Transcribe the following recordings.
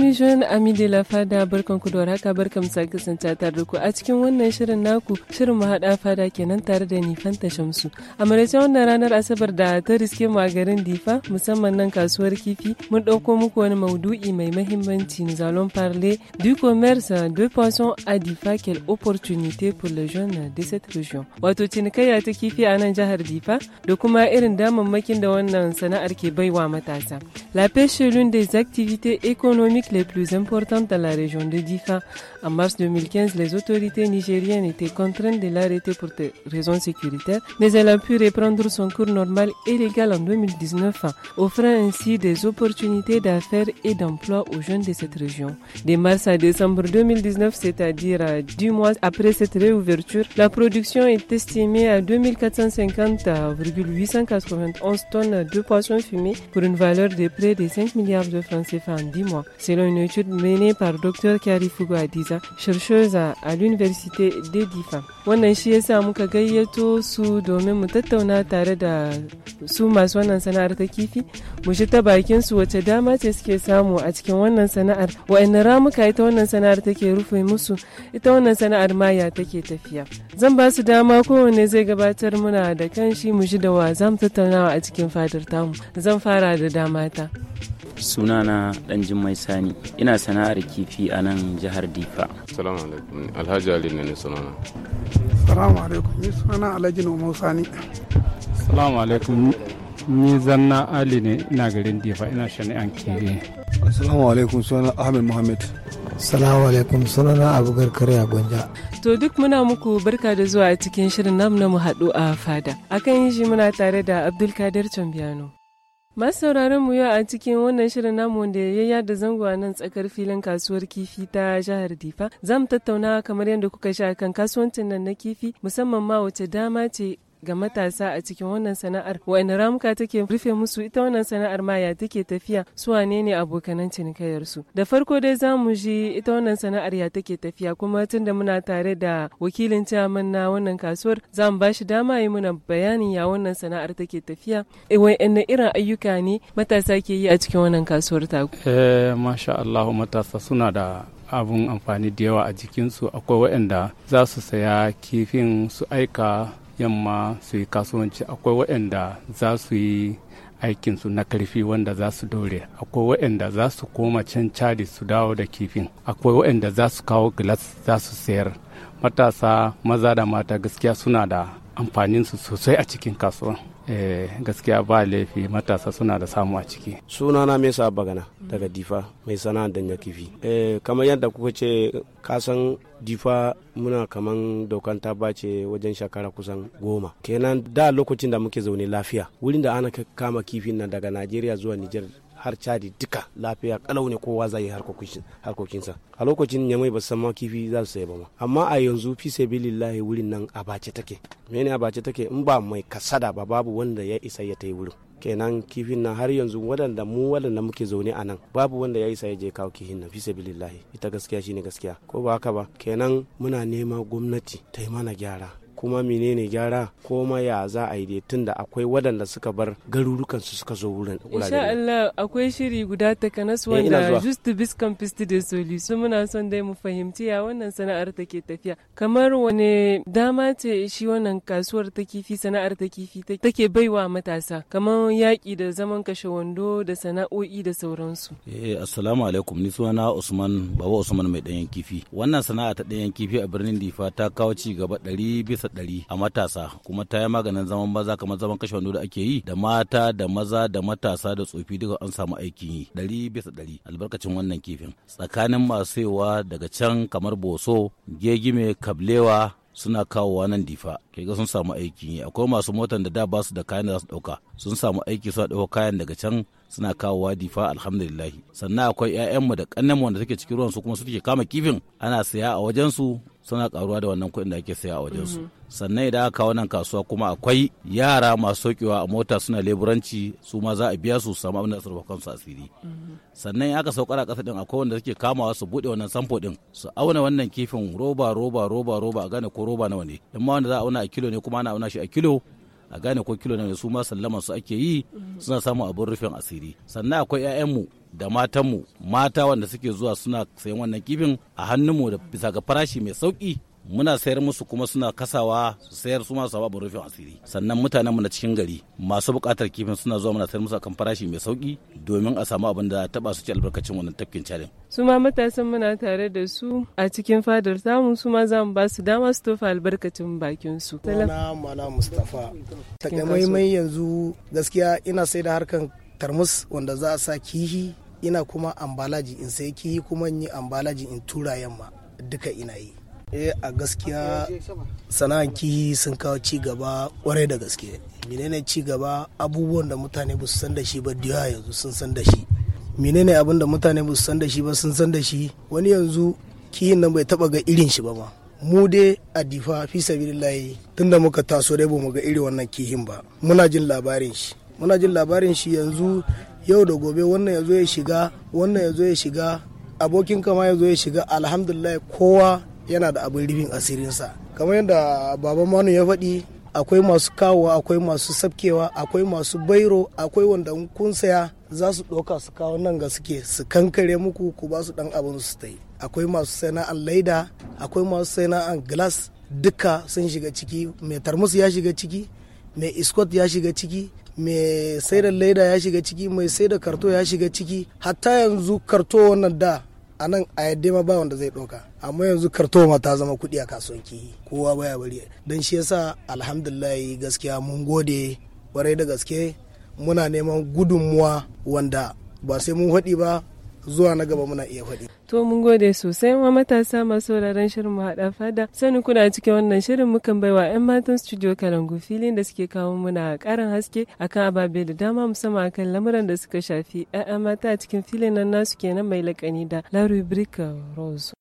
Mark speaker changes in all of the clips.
Speaker 1: Amis jeunes, de la fada barkanku da haka barkan sa kasance tare da ku a cikin wannan shirin naku shirin mu hada fada kenan tare da ni Fanta Shamsu. A maraice wannan ranar Asabar da ta riske mu a garin Difa musamman nan kasuwar kifi mun dauko muku wani maudu'i mai mahimmanci nous allons parler du commerce de poissons à Difa quelle opportunité pour les jeunes de cette région. Wato cinikayya ta kifi a nan jihar Difa da kuma irin damammakin da wannan sana'ar ke baiwa matasa. La pêche l'une des activités économiques les plus importantes dans la région de Difa. En mars 2015, les autorités nigériennes étaient contraintes de l'arrêter pour des raisons sécuritaires, mais elle a pu reprendre son cours normal et légal en 2019, offrant ainsi des opportunités d'affaires et d'emploi aux jeunes de cette région. De mars à décembre 2019, c'est-à-dire à 10 mois après cette réouverture, la production est estimée à 2450,891 tonnes de poissons fumés pour une valeur de près de 5 milliards de francs CFA en 10 mois. selon une étude menée par Dr. Fugo Adiza, chercheuse à l'université d'Edifa. Wannan shi ya sa muka gayyato su domin mu tattauna tare da su masu wannan sana'ar ta kifi, mu shi ta bakin su wace dama ce suke samu a cikin wannan sana'ar, wa'anne ramuka ita wannan sana'ar take rufe musu, ita wannan sana'ar maya take tafiya. Zan ba su dama kowanne zai gabatar muna da kanshi mu shi da wa zamu tattaunawa a cikin fadar tamu. Zan fara da dama ta.
Speaker 2: sunana
Speaker 3: dan mai sani ina sana'ar kifi a nan jihar difa salamu alaikum alhaji ali
Speaker 2: ne sunana
Speaker 4: salamu alaikum ni sunana alhaji nomo sani
Speaker 2: salamu alaikum ni zanna ali ne ina garin difa ina shani'an kiri
Speaker 5: assalamu alaikum sunana ahmed muhammad salamu alaikum sunana abubakar karya gwanja
Speaker 1: to duk muna muku barka da zuwa cikin shirin namu na mu haɗu a fada akan yi shi muna tare da abdulkadir cambiano sauraron mu yau a cikin wannan shirin namu wanda ya yada zango a nan tsakar filin kasuwar kifi ta jihar Difa. Za mu tattauna kamar yadda kuka sha kan kasuwancin nan na kifi musamman ma wace dama ce ga matasa a cikin wannan sana'ar wani ramuka take rufe musu ita wannan sana'ar ma ya take tafiya su wane ne abokanan cinikayarsu da farko dai za mu ji ita wannan sana'ar ya take tafiya kuma tun da muna tare da wakilin ciyaman na wannan kasuwar za mu bashi dama yi muna bayanin ya wannan sana'ar take tafiya eh, ina irin ayyuka ne
Speaker 2: matasa ke yi a cikin wannan kasuwar ta eh masha Allah matasa suna da abun amfani da yawa a jikinsu akwai waɗanda za su saya kifin su aika yamma su yi kasuwanci akwai waɗanda za su yi aikinsu na karfi wanda za su dore akwai waɗanda za su koma can cadi su dawo da kifin akwai waɗanda za su kawo glass za su sayar matasa maza da mata gaskiya suna da amfaninsu sosai a cikin kasuwan. Eh, gaskiya ba laifi matasa suna da samu a ciki sunana mai sa bagana daga difa mai sana'ar danya kifi
Speaker 3: eh, kamar yadda kuka ce kasan difa muna kaman dokan ta bace wajen shekara kusan goma kenan da lokacin da muke zaune lafiya wurin da ana kama kifin nan daga najeriya zuwa nijar har cadi duka lafiya kalau ne kowa zai harkokinsa a lokacin ne mai basan ma kifi za su saya ba ma amma a yanzu fi bilillahi wurin nan a bace take mene a bace take in ba mai kasada ba babu wanda ya isa ya tai wurin kenan kifin nan har yanzu waɗanda mu wadanda muke zaune a nan babu wanda ya isa ya je kawo kifin nan fisa bilillahi ita gaskiya shine gaskiya ko ba haka ba kenan muna nema gwamnati ta yi mana gyara kuma menene gyara kuma ya za a yi tun tunda akwai waɗanda suka bar garurukan su suka zo wurin insha
Speaker 1: Allah akwai shiri guda takanas eh, wanda just bis to the solution muna son dai mu fahimci ya wannan sana'ar take tafiya kamar wani dama ce shi wannan kasuwar ta kifi sana'ar ta kifi take baiwa matasa kamar yaƙi da zaman kashe wando da sana'o'i da sauransu
Speaker 6: eh assalamu alaikum ni suna Usman baba Usman mai ɗanyen kifi wannan sana'a ta ɗanyen kifi a birnin Difa ta kawo ci gaba ɗari bisa ɗari a matasa kuma ta yi maganin zaman maza kamar zaman kashe wando da ake yi da mata da maza da matasa da tsofi duka an samu aikin yi ɗari bisa ɗari albarkacin wannan kifin tsakanin masu yawa daga can kamar boso gegime kablewa suna kawowa nan difa Ke ga sun samu aiki akwai masu motan da da ba su da kayan da za su dauka sun samu aiki suna dauka kayan daga can suna kawowa difa alhamdulillah sannan akwai 'ya'yanmu da kannenmu wanda take cikin ruwan su kuma su take kama kifin ana saya a wajen su suna karuwa da wannan kuɗin da ake saya a wajensu. su mhm. sannan idan aka kawo kasuwa kuma akwai yara masu saukewa a mota suna leburanci su ma za a biya su samu abin da su kansu asiri mhm. sannan in aka saukar a ƙasa din akwai wanda suke kamawa su buɗe wannan sampo din su auna wannan kifin roba roba roba roba a gane ko roba nawa ne in ma wanda za a auna a kilo ne kuma ana auna shi a kilo a gane ko kilo ne su ma sallaman su ake yi suna samun abin rufin asiri sannan akwai 'ya'yanmu da matanmu mata wanda suke zuwa suna sayan wannan kifin a hannunmu da bisa ga farashi mai sauki muna sayar musu kuma suna kasawa su sayar su masu babu rufin asiri sannan mutanen mu na cikin gari masu bukatar kifin suna zuwa muna sayar musu akan farashi mai sauki domin a samu abin da taba su ci albarkacin wannan tafkin carin
Speaker 1: su ma matasan muna tare da su a cikin fadar samu su ma za mu ba su dama su tofa albarkacin bakin su sallama mala mustafa takamaimai
Speaker 7: yanzu gaskiya ina sai da harkan tarmus wanda za a sa kihi ina kuma ambalaji in sai kihi kuma in yi ambalaji in tura yamma duka ina yi eh a gaskiya sana'ar kihi sun kawo ci gaba kwarai da gaske menene ci gaba abubuwan da mutane ba su san da shi ba da yanzu sun san da shi menene abin da mutane ba su san da shi ba sun san da shi wani yanzu kihin nan bai taba ga irin shi ba ma mu dai a difa fi sabilillahi tunda muka taso dai bamu ga irin wannan kihin ba muna jin labarin shi muna jin labarin shi yanzu yau da gobe wannan ya ya shiga wannan yazo ya shiga abokin kama ya ya shiga alhamdulillah kowa yana da abin rufin asirinsa kamar yadda baban manu ya faɗi akwai masu kawowa akwai masu sabkewa akwai masu bairo akwai wanda kun saya za su ɗauka su kawo nan ga suke su kankare muku ku ba su ɗan abin su ta yi akwai masu sana'an laida akwai masu sana'an glass duka sun shiga ciki mai tarmus ya shiga ciki mai iskot ya shiga ciki mai sai laida ya shiga ciki mai saida karto ya shiga ciki hatta yanzu karto wannan da a nan a yadda ma ba wanda zai ɗauka amma yanzu kartoma ta zama kuɗi a kasuwanci kowa baya bari don shi yasa alhamdulillah gaskiya mun gode kwarai da gaske muna neman gudunmuwa wanda ba sai mun haɗi ba zuwa na gaba muna iya faɗi.
Speaker 1: To mun gode sosai wa matasa masu wuraren shirin mu haɗa fada sani kuna cikin wannan shirin mukan bai wa 'yan matan studio Kalangu filin da suke kawo muna karin haske akan ababe da dama musamman akan lamuran da suka shafi 'ya'ya mata a cikin filin nan nasu kenan mai laƙani da Larry Brick Rose.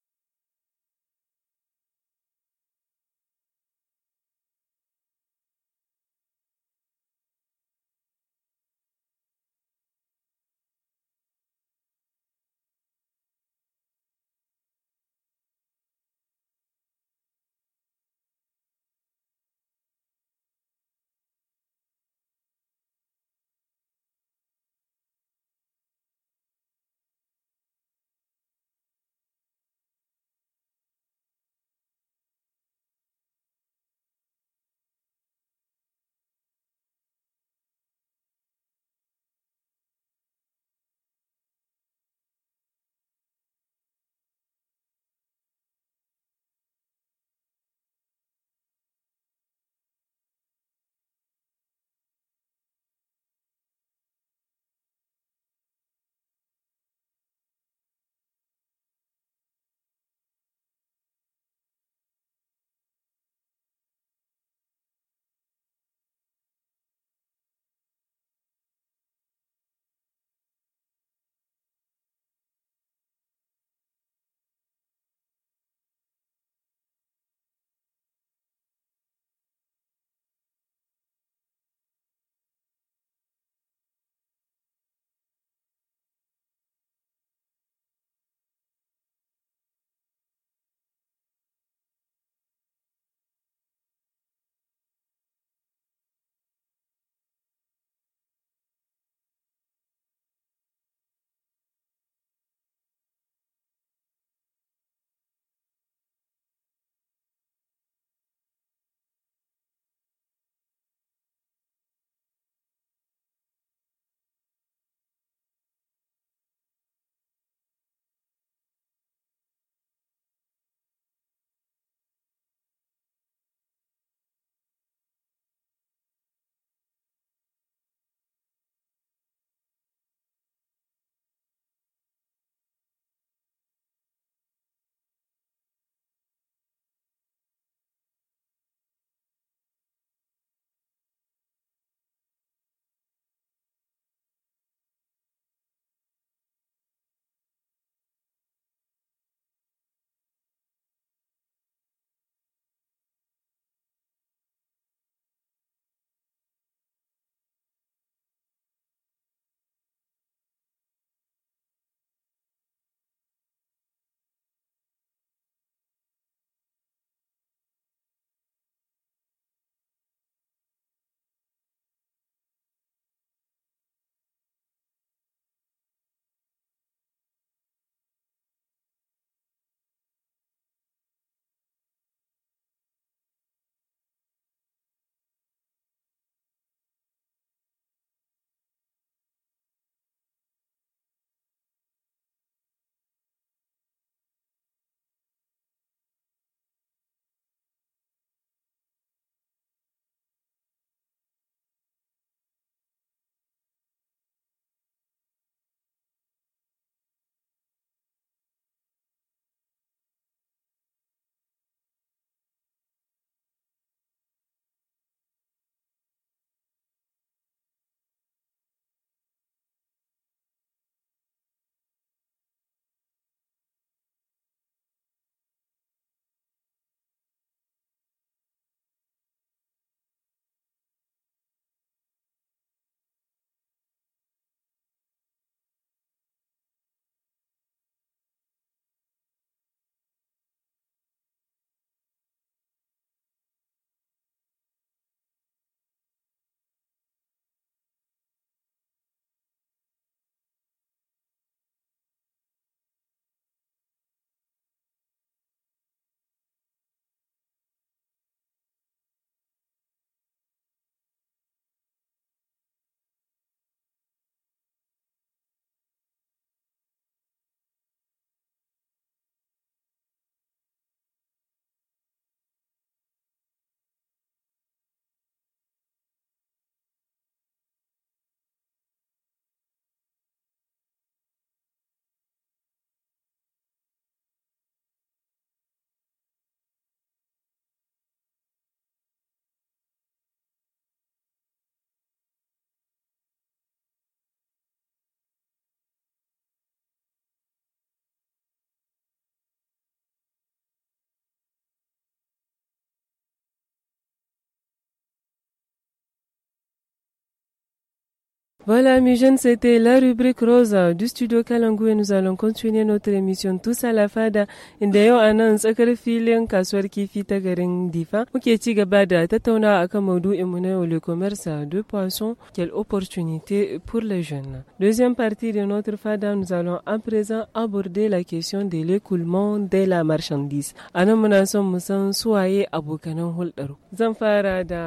Speaker 1: Voilà, mes jeunes, c'était la rubrique rose euh, du studio Kalangu et nous allons continuer notre émission tous à la fada. Inda yau a nan tsakar filin kasuwar kifi ta garin Difa, muke ci gaba da tattaunawa akan maudu'in mu na yau le commerce de poissons, quelle opportunité pour les jeunes. Deuxième partie de notre fada, nous allons à présent aborder la question de l'écoulement de la marchandise. A nan soye aboukanon holdaro. suwaye hulɗar. Zan fara da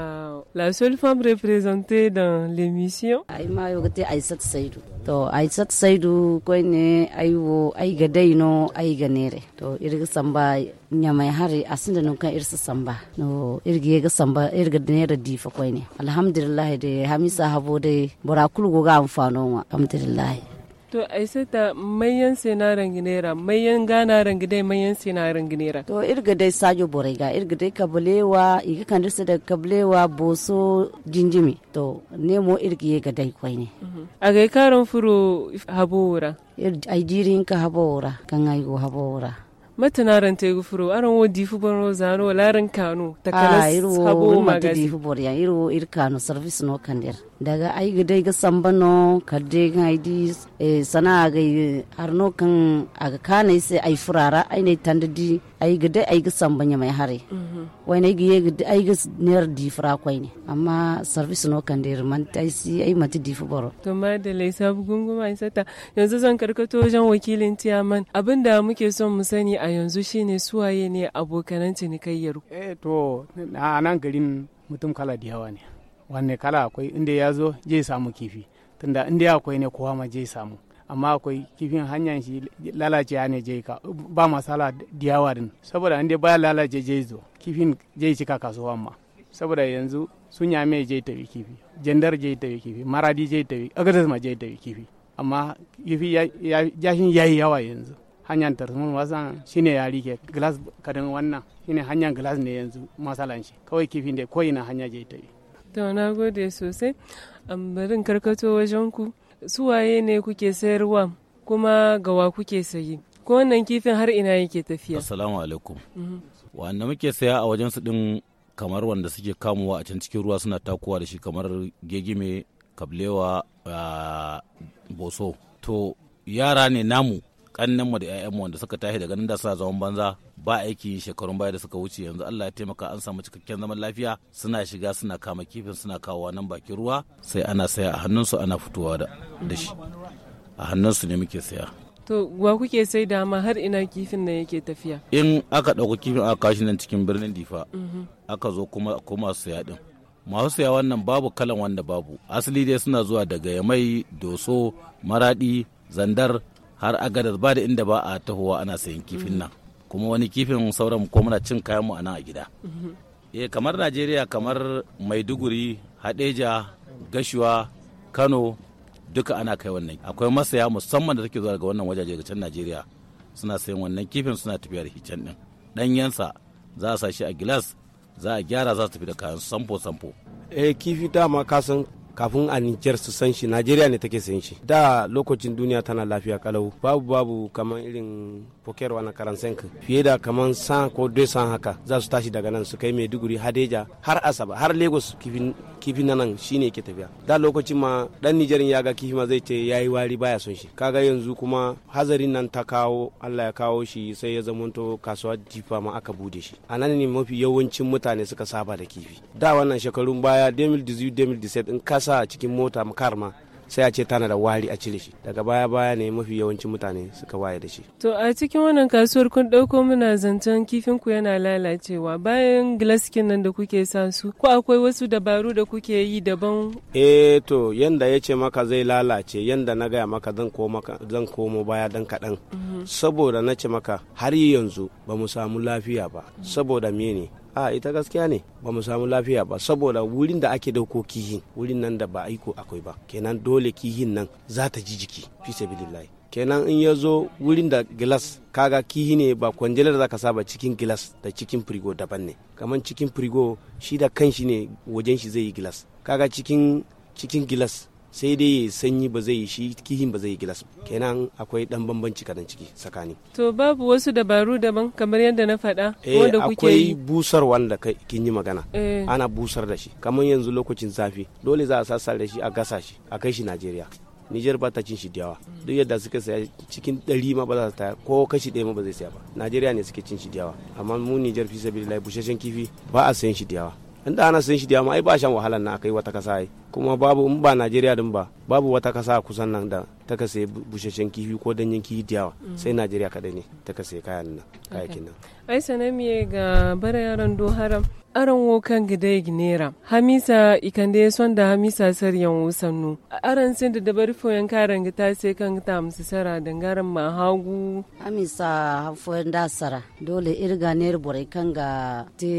Speaker 1: la seule femme représentée dans l'émission. ayo gate aisat saidu
Speaker 8: to aisat saidu ko ne aiwo ai ga daino ai ga nere to irga samba nya mai hari asinda no kan irsa samba no irga ga samba irga nere difa ko ne alhamdulillah de hamisa habo de borakulu go ga amfano wa alhamdulillah
Speaker 1: To aisata mayan sena ranginera mayan gana rangide mayan sena ranginera. To irga dai sajo borega irga
Speaker 8: dai kablewa iga kan dirsa da kablewa boso jinjimi to nemo irga ga dai kwai ne.
Speaker 1: Mhm. A gai karon furo habora. Ai jirin ka
Speaker 8: habora kan
Speaker 1: Mata na matanaran te gufuro aran wo difu bono zano laran kanu takalas ah, habo magazin. Ah, iru wo mata difu
Speaker 8: bor ya iru ir kanu service no kandir. daga ai gidai ga sambano kadde ngaidi e eh, sana ga harno kan aga kana sai ai furara ai ne tandidi ai gidai ai ga sambanya mai hare mhm. wai ne ga gidai ai ga ner di fura kwai ne amma service no kan der man tai si ai mati di fu boro
Speaker 1: to ma da lai sabu gunguma in sata yanzu zan karkato wajen wakilin tiyaman abinda muke son mu sani a yanzu shine suwaye ne abokanan cinikayyar
Speaker 4: eh to a nan garin mutum kala da yawa ne wanne kala akwai inda ya zo je samu kifi tunda inda akwai ne kowa ma je samu amma akwai kifin hanyar shi lalace ne je ka ba masala diyawa saboda inda baya lalace je zo kifin je cika kasuwa ma saboda yanzu sun mai je tafi kifi jandar je tafi kifi maradi je tafi agadas ma je tafi kifi amma kifi shi ya yi yawa yanzu hanyar tarzuman wasan shine ya rike glass kadan wannan shine hanyar glass ne yanzu masalanci kawai kifin da koyi na hanya je tafi
Speaker 1: To, na gode sosai. ambarin karkato wajen ku, waye ne kuke sayarwa kuma gawa kuke sayi. Ko wannan kifin har ina yake tafiya.
Speaker 6: Assalamu alaikum. Mhm. Wanda muke saya a wajen su din kamar wanda suke kamuwa a can cikin ruwa suna takuwa da shi kamar gegime, kablewa, ah, boso. To, yara ne namu kannenmu da 'ya'yanmu wanda suka tashi daga nan da suna zaman banza ba aiki shekarun baya da suka wuce yanzu Allah ya taimaka an samu cikakken zaman lafiya suna shiga suna kama kifin suna kawowa nan bakin ruwa sai ana saya a hannunsu ana fitowa da shi a hannunsu ne muke saya To
Speaker 1: wa kuke sai dama har ina kifin nan yake tafiya?
Speaker 6: In aka ɗauka kifin aka kashi nan cikin birnin Difa, mm-hmm. aka zo kuma kuma su din Masu saya wannan babu kalan wanda babu. Asali dai suna zuwa daga Yamai, Doso, Maradi, Zandar har agadar ba da inda ba a tahowa ana sayan kifin nan kuma wani kifin sauran ko muna cin kayan mu a nan a gida eh kamar najeriya kamar maiduguri hadeja gashuwa kano duka ana kai wannan akwai masaya musamman da take zuwa daga wannan wajaje daga can najeriya suna sayan wannan kifin suna tafiya da hicen din yansa za a sa shi a gilas za a gyara za su tafi da kayan sampo-sampo.
Speaker 3: eh kifi dama kasan kafin a Nijar su san shi Najeriya ne take san shi da lokacin duniya tana lafiya kalau babu babu kamar irin pokerwa na karansenka fiye da kamar san ko san haka za su tashi daga nan su kai Maiduguri Hadeja har Asaba har Lagos kifin kifi na nan shi ne ke tafiya da lokacin ma dan nijarin ya ga kifi ma zai ce ya yi wari baya son shi kaga yanzu kuma hazarin nan ta kawo Allah ya kawo shi sai ya zamanto kasuwa jifa ma aka bude shi a nan ne mafi yawancin mutane suka saba da kifi da wannan shekarun baya 2017 in kasa cikin mota makar ma sai a ce tana da wari a cire shi daga baya baya ne mafi yawancin mutane suka waye da shi
Speaker 1: to a cikin wannan kasuwar kun dauko muna zancen kifin ku yana lalacewa bayan glaskin nan da kuke sa su ko akwai wasu dabaru da kuke yi daban
Speaker 3: eh to yanda ya ce maka zai lalace yanda na gaya maka zan koma zan komo baya dan kaɗan mhm. saboda na ce maka har yanzu ba mu samu lafiya ba mhm. saboda mene a ita gaskiya ne ba mu samu lafiya ba saboda wurin da ake dauko kihin wurin nan da ba aiko akwai ba kenan dole kihin nan za ta ji jiki fisabilillahi kenan in ya zo wurin da gilas kaga kihi ne ba kwanjelar za ka saba cikin gilas da cikin firigo daban ne kamar cikin firigo shi da kan shi ne wajen shi zai yi gilas kaga cikin cikin gilas sai dai sanyi ba zai yi shi kihin ba zai yi gilas kenan akwai dan bambanci kadan ciki tsakani
Speaker 1: to babu wasu dabaru daban kamar yadda na faɗa eh, wanda kuke akwai
Speaker 3: busar wanda kin yi magana eh. ana busar da shi kamar yanzu lokacin zafi dole za a sassa da shi a gasa shi a kai shi Najeriya Nijar ba ta cin shi diyawa duk yadda suka saya cikin ɗari ma ba za ta ko kashi ɗaya ma ba zai saya ba Najeriya ne suke cin shi diyawa amma mu Nijar fi sabilillahi busheshen kifi ba a sayan shi diyawa. in da ana sun shi ma ai ba shan wahalan na kai wata kasa ai kuma babu in ba Najeriya din ba babu wata kasa kusan nan da ta kase bushashen kifi ko danyen kifi da mm. sai Najeriya kadai ne ta kase kayan nan kayakin nan
Speaker 1: ai miye ga bara yaran do haram aran wo kan gida ginera hamisa ikande son da hamisa saryan wusannu aran sin da dabar foyan karan gita sai kan ta musu sara dangaran ma hagu
Speaker 8: hamisa hafoyan da sara dole irga ne bore kan ga te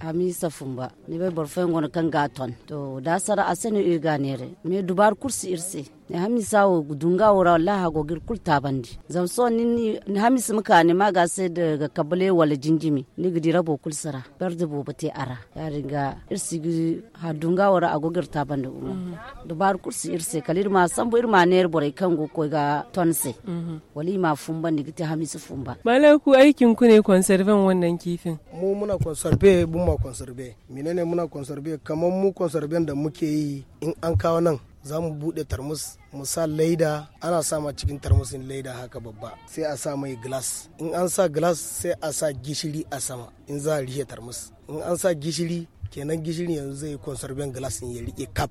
Speaker 8: hamisa fumba ne bai barfoyan gona kan ga ton to da sara asani irga ne me dubar kursi irse hamisawo dunga wura wallahi gogir kul tabandi zan so ni hamis muka ne ma ga sai daga kabale wala jinjimi ni gidi rabo kul sara barde bo bate ara ya riga irsi gi ha dunga wura agogir tabandi um mhm. dubar kursi irse kalir ma sambo irma ne bore kan go ko ga tonse mhm. wali ma fumba
Speaker 7: ni gita hamis fumba
Speaker 1: malaku aikin ku ne conserven wannan kifin
Speaker 7: mu muna conserve mu ma conserve menene muna conserve kamar mu conserve da muke yi in an kawo nan za mu buɗe tarmus mu sa laida ana sama cikin tarmusin laida haka babba sai a sa mai glass in an sa glass sai a sa gishiri a sama in za a rike tarmus in an sa gishiri kenan gishiri yanzu zai conserving glass ya rike cup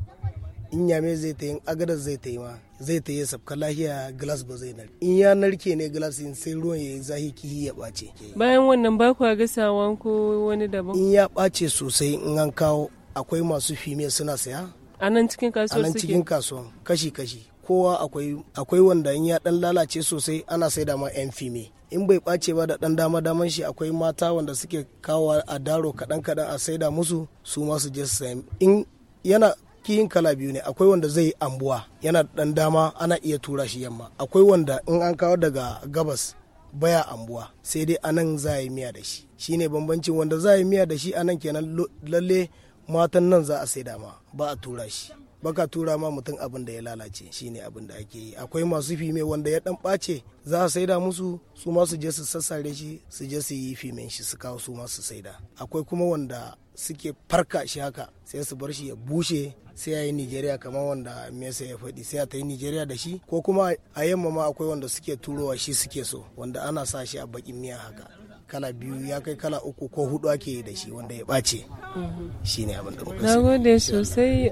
Speaker 7: in yame zai ta yin agadar zai ta yi ma zai ta yi sabka lahiya glass ba zai narke in ya narke ne glass in sai ruwan ya yi zahi kihi ya ɓace bayan wannan ba ku sawan ko wani daban in ya ɓace sosai in an kawo akwai masu fime suna saya a nan cikin kasuwar suke cikin kasuwa kashi kashi kowa akwai akwai wanda in ya dan lalace sosai ana sai da ma yan fime in bai ɓace ba da dan dama daman shi akwai mata wanda suke kawo a daro kaɗan kadan a saida musu su ma su je su in yana kiyin kala biyu ne akwai wanda zai ambuwa yana dan dama ana iya tura shi yamma akwai wanda in an kawo daga gabas baya ambuwa sai dai anan za a yi miya da shi shine bambancin wanda za a yi miya da shi anan kenan lalle matan nan za a sai ma ba a tura shi baka tura ma mutum abin da ya lalace shi ne abin da ake yi akwai masu fime wanda ya dan ɓace za a saida musu su ma su je su sassare shi su je su yi fimen shi su kawo su ma su saida akwai kuma wanda suke farka shi haka sai su bar shi ya bushe sai ya yi nigeria kamar wanda mesa ya faɗi sai ta yi nigeria da shi ko kuma a yamma ma akwai wanda suke turowa shi suke so wanda ana sa shi a bakin miya haka kala biyu ya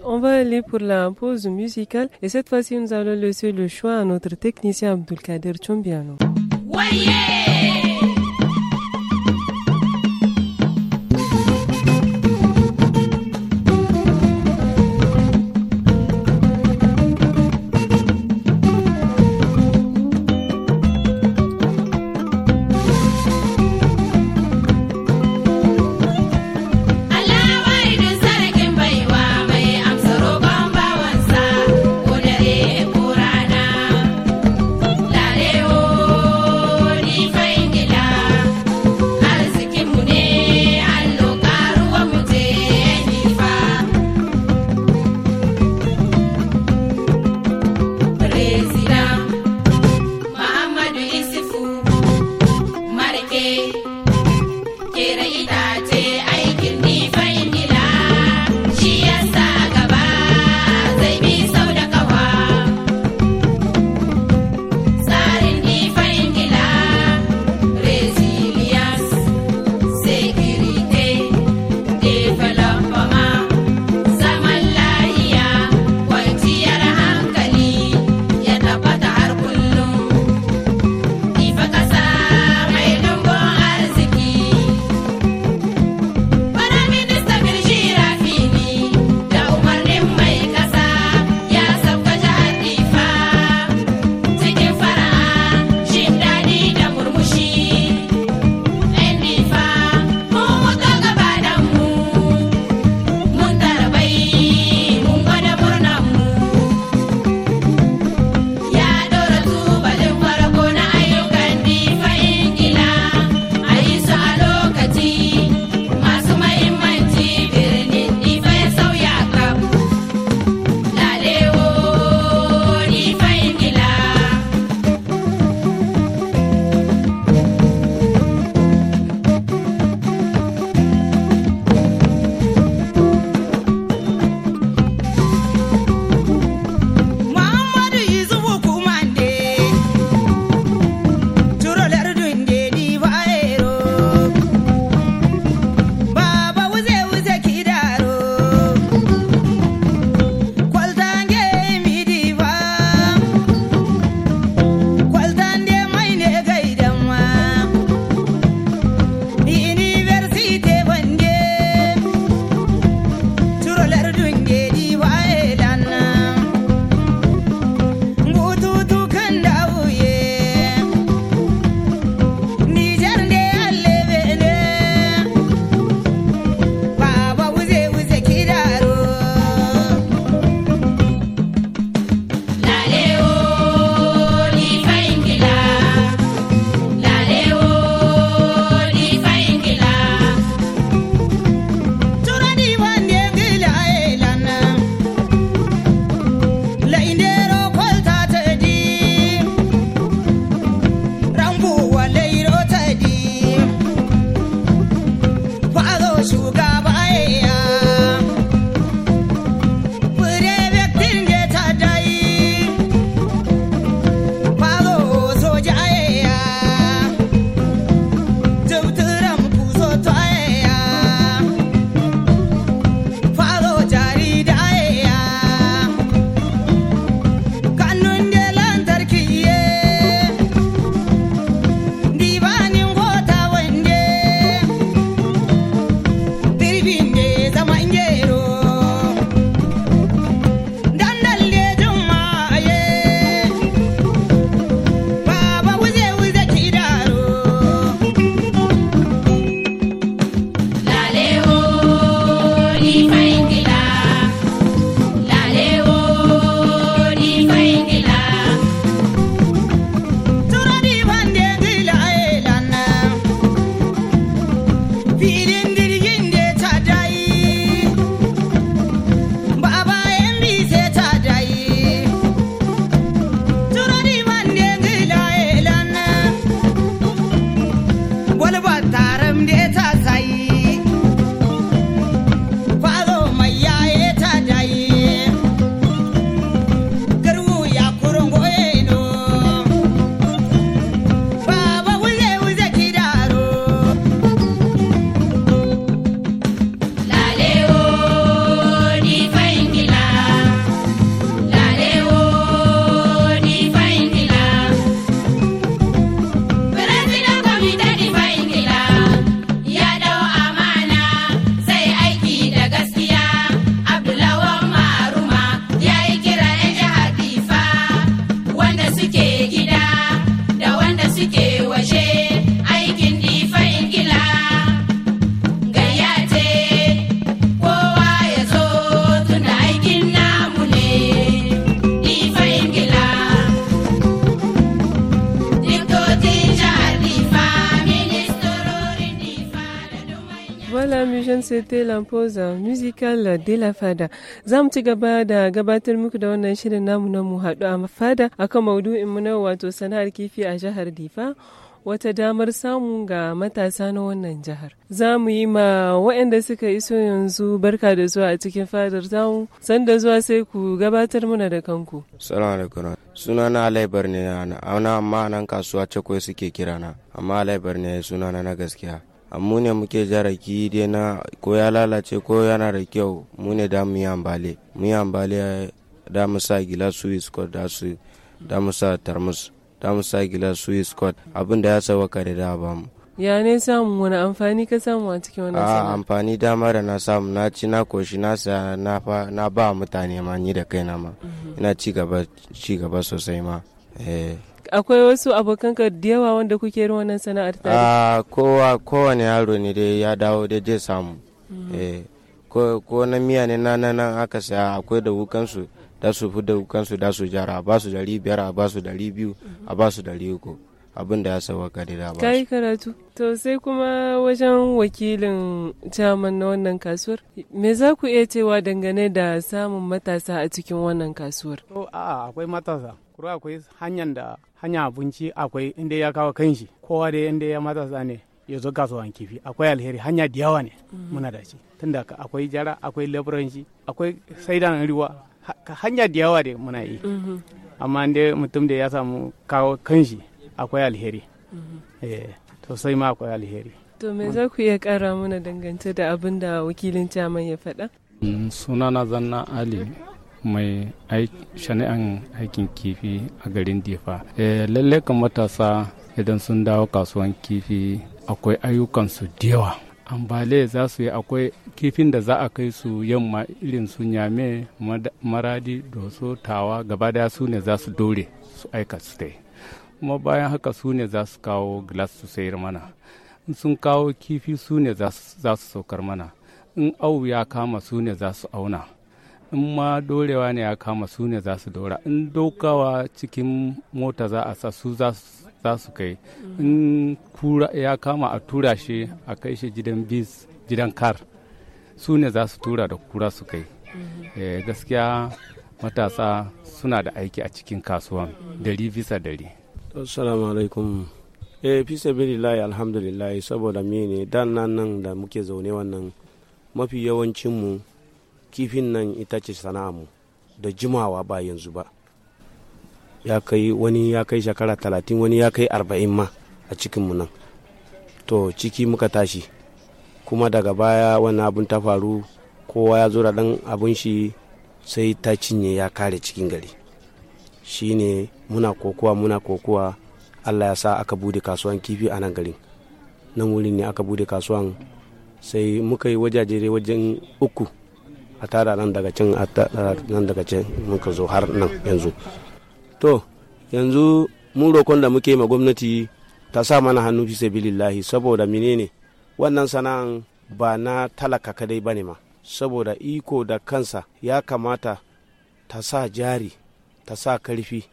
Speaker 1: on va aller pour la pause musicale et cette fois-ci nous allons laisser le choix à notre technicien Abdulkader Chombiano. doing it. pause musical de la fada za mu ci gaba da gabatar muku da wannan shirin namu na mu haɗu a fada akan maudu'in mu na wato sana'ar kifi a jihar difa wata damar samu ga matasa na wannan jihar. Za mu yi ma waɗanda suka iso yanzu barka da zuwa a cikin fadar zamu sanda zuwa sai ku gabatar muna da kanku.
Speaker 3: Salamu alaikum. Suna na Alaibar ne na ana amma nan kasuwa cakwai suke kirana amma Alaibar ne suna na gaskiya. mu ne muke jaraki dai na ko ya lalace ko yana da kyau mu ne da mu yi ambale mu yi ambale da mu sa gila su squad da su da mu sa tarmus da mu sa gila su squad abin da ya sawa kare da ba mu
Speaker 1: ya ne samu wani amfani ka samu a cikin wani ah, sana'a
Speaker 3: amfani dama da na samu na ci na koshi na sa na ba mutane ma ni da kaina ma mhm. ina ci gaba ci gaba sosai ma eh
Speaker 1: akwai wasu abokanka da yawa wanda kuke yin wannan sana'ar tare
Speaker 3: ah, kowa kowane yaro ne dai ya dawo dai zai samu mm. eh ko na miya ne na nan aka saya akwai da wukansu da su fi da wukansu da su jara a su dari biyar a ba su dari biyu a ba su dari uku abin da ya sauwaka da ba kai
Speaker 1: karatu to sai kuma wajen wakilin caman na wannan kasuwar me za ku iya cewa dangane da samun matasa a cikin wannan kasuwar
Speaker 4: to a'a akwai matasa kuma akwai hanyar da hanya abinci akwai inda ya kawo kanshi kowa da inda ya matasa ne ya zo kasuwan kifi akwai alheri hanya da yawa ne muna da shi tunda akwai jara akwai laburanci akwai saidan ruwa hanya da yawa ne muna yi mm-hmm. amma inda mutum da ya samu kawo kanshi akwai alheri mhm. eh, to sai ma akwai alheri
Speaker 1: to me za ku iya kara mana dangance da abin da wakilin caman ya faɗa
Speaker 2: mm, sunana zanna ali mai shani'an aikin kifi a garin difa eh, lalle kan matasa idan sun dawo kasuwan kifi akwai ayyukansu da yawa ambaliya za su yi akwai kifin da za a kai su yamma irin su nyame maradi doso tawa gaba daya su ne za su dore su aika su tai kuma bayan haka su ne za su kawo glass su sayar mana in sun kawo kifi su ne za su saukar mana in au ya kama su ne za su auna in ma dorewa ne ya kama su ne za su dora in dokawa cikin mota za a sa su za su kai in kura ya kama a tura shi a kai shi gidan bis gidan kar su ne za su tura da kura su kai eh, gaskiya matasa suna da aiki a cikin kasuwan dari bisa dari assalamu alaikum
Speaker 3: eh fi sabilillahi alhamdulillah saboda mene dan nan nan da muke zaune wannan mafi yawancin mu kifin nan ita ce sana'amu da jimawa ba yanzu ba ya kai wani ya kai shekara talatin wani ya kai arba'in ma a cikinmu nan to ciki muka tashi kuma daga baya wani abin ta faru kowa ya zo da abin shi sai ta cinye ya kare cikin gari shine muna kokowa muna kokowa allah ya sa aka bude kasuwan kifi a nan garin nan wurin ne aka bude kasuwan sai muka yi wajaje wajen uku a tara nan daga can a tara nan daga can muka zo har nan yanzu to yanzu mun roƙon da muke ma gwamnati ta sa mana hannu fi sabilillahi saboda menene wannan sana'an ba na talaka kadai bane ma saboda iko da kansa ya kamata ta sa jari ta sa karfi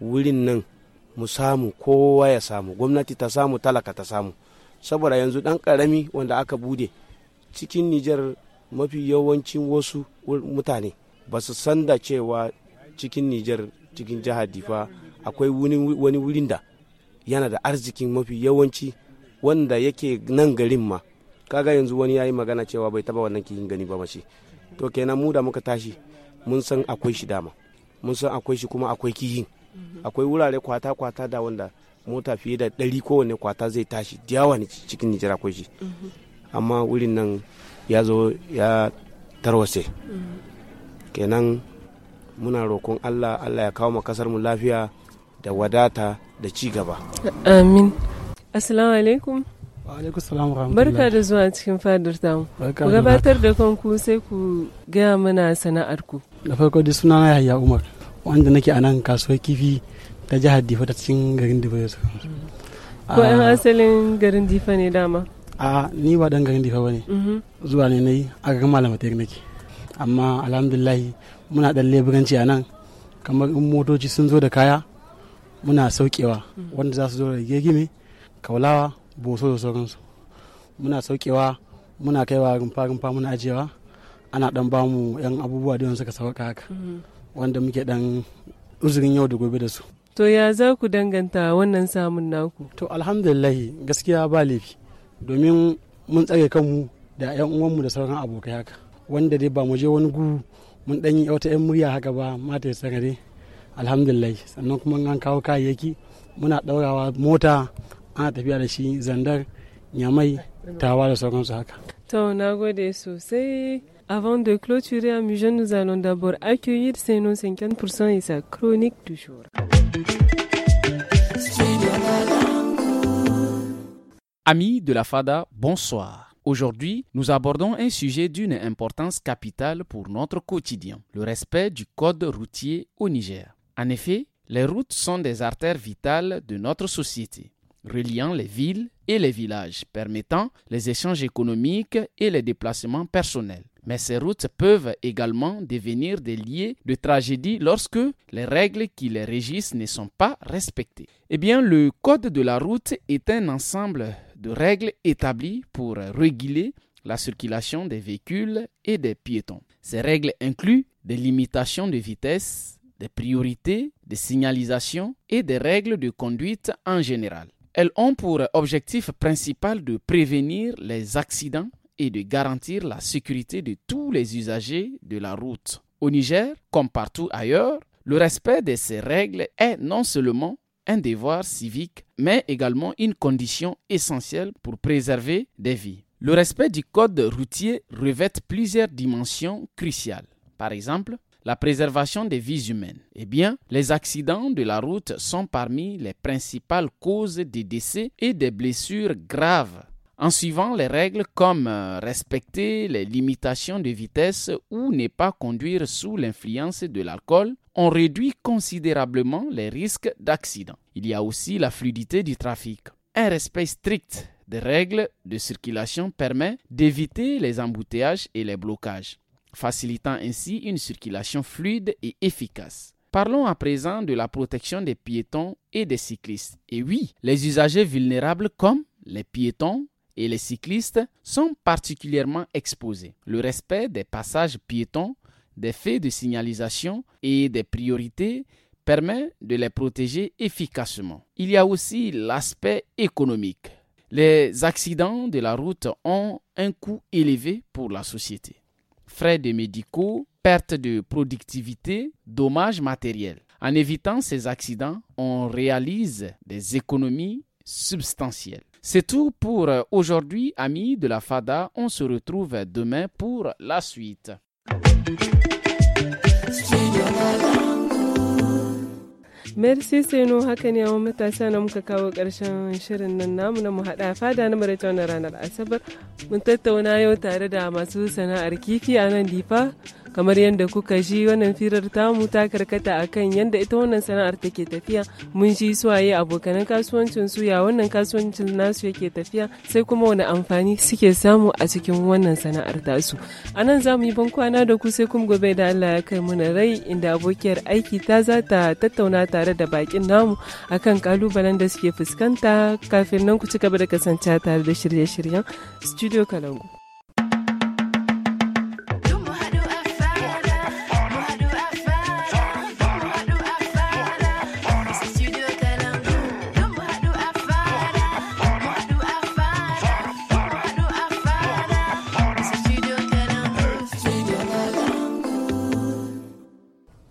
Speaker 3: wurin nan mu samu kowa ya samu gwamnati ta samu talaka ta samu saboda yanzu dan karami wanda aka bude cikin nijar mafi yawancin wasu mutane ba su san da cewa cikin nijar cikin jihar difa akwai wani wurin da yana da arzikin mafi yawanci wanda yake nan garin ma kaga yanzu wani ya yi magana cewa bai taba wannan kihin gani ba mace to kenan mu da muka tashi mun san akwai shi dama mun san akwai shi kuma akwai kihin akwai wurare kwata-kwata da wanda mota fiye da ɗari kowane kwata zai tashi diyawa ne cikin nijar akwai shi amma wurin nan ya zo ya tarwase kenan muna roƙon allah allah ya kawo kasar mu lafiya da wadata da ci gaba
Speaker 1: amin assalamu alaikum barka da zuwa cikin fadar tamu ku gabatar da kanku sai ku gaya mana sana'ar ku
Speaker 5: da farko dai suna na yahya umar wanda nake a nan kasuwar kifi ta jihar difa ta cikin garin difa ya ko yan ah,
Speaker 1: asalin garin difa ne dama
Speaker 5: a ni ba dan garin difa bane mhm. zuwa ne nayi a garin malamatai nake amma alhamdulillah muna dan leburanci a nan kamar in motoci sun zo da kaya muna saukewa mhm. wanda za su zo da gegime kaulawa boso da sauransu muna saukewa muna kaiwa rumfa rumfa muna ajiyewa ana dan bamu yan abubuwa da suka sauka haka mm-hmm. wanda muke dan uzurin yau da gobe da su to ya za ku danganta wannan samun naku to alhamdulillahi gaskiya ba laifi domin mun tsare kanmu da yan uwanmu da sauran abokai haka wanda dai ba mu je wani gu mun dan yi wata yan murya haka ba mata ya sanare alhamdulillahi sannan kuma an kawo kayayyaki muna daurawa mota ana tafiya da shi zandar nyamai tawa da sauransu haka
Speaker 1: to na gode sosai Avant de clôturer à nous allons d'abord accueillir Seno 50% et sa chronique du jour.
Speaker 9: Amis de la FADA, bonsoir. Aujourd'hui, nous abordons un sujet d'une importance capitale pour notre quotidien, le respect du code routier au Niger. En effet, les routes sont des artères vitales de notre société, reliant les villes et les villages, permettant les échanges économiques et les déplacements personnels. Mais ces routes peuvent également devenir des lieux de tragédie lorsque les règles qui les régissent ne sont pas respectées. Eh bien, le code de la route est un ensemble de règles établies pour réguler la circulation des véhicules et des piétons. Ces règles incluent des limitations de vitesse, des priorités, des signalisations et des règles de conduite en général. Elles ont pour objectif principal de prévenir les accidents et de garantir la sécurité de tous les usagers de la route. Au Niger, comme partout ailleurs, le respect de ces règles est non seulement un devoir civique, mais également une condition essentielle pour préserver des vies. Le respect du code routier revêt plusieurs dimensions cruciales. Par exemple, la préservation des vies humaines. Eh bien, les accidents de la route sont parmi les principales causes des décès et des blessures graves en suivant les règles comme euh, respecter les limitations de vitesse ou ne pas conduire sous l'influence de l'alcool, on réduit considérablement les risques d'accident. Il y a aussi la fluidité du trafic. Un respect strict des règles de circulation permet d'éviter les embouteillages et les blocages, facilitant ainsi une circulation fluide et efficace. Parlons à présent de la protection des piétons et des cyclistes. Et oui, les usagers vulnérables comme les piétons, et les cyclistes sont particulièrement exposés. Le respect des passages piétons, des faits de signalisation et des priorités permet de les protéger efficacement. Il y a aussi l'aspect économique. Les accidents de la route ont un coût élevé pour la société. Frais de médicaux, perte de productivité, dommages matériels. En évitant ces accidents, on réalise des économies substantielles. C'est tout pour euh, aujourd'hui, amis de la FADA. On se retrouve demain pour la suite.
Speaker 1: Merci c'est nous, ne wa matasa na muka kawo ƙarshen shirin nan namu na mu fada na maraita ranar Asabar. Mun tattauna yau tare da masu sana'ar kifi a nan Difa. kamar yadda kuka ji wannan firar tamu ta karkata akan yadda ita wannan sana'ar take tafiya mun ji suwaye abokanan kasuwancin su ya wannan kasuwancin nasu yake tafiya sai kuma wani amfani suke samu a cikin wannan sana'ar tasu a nan za mu yi ban kwana da ku sai kuma gobe da Allah ya kai muna rai inda abokiyar aiki ta za ta tattauna tare da bakin namu akan kalubalen da suke fuskanta kafin nan ku ci gaba da kasancewa tare da shirye-shiryen studio kalangu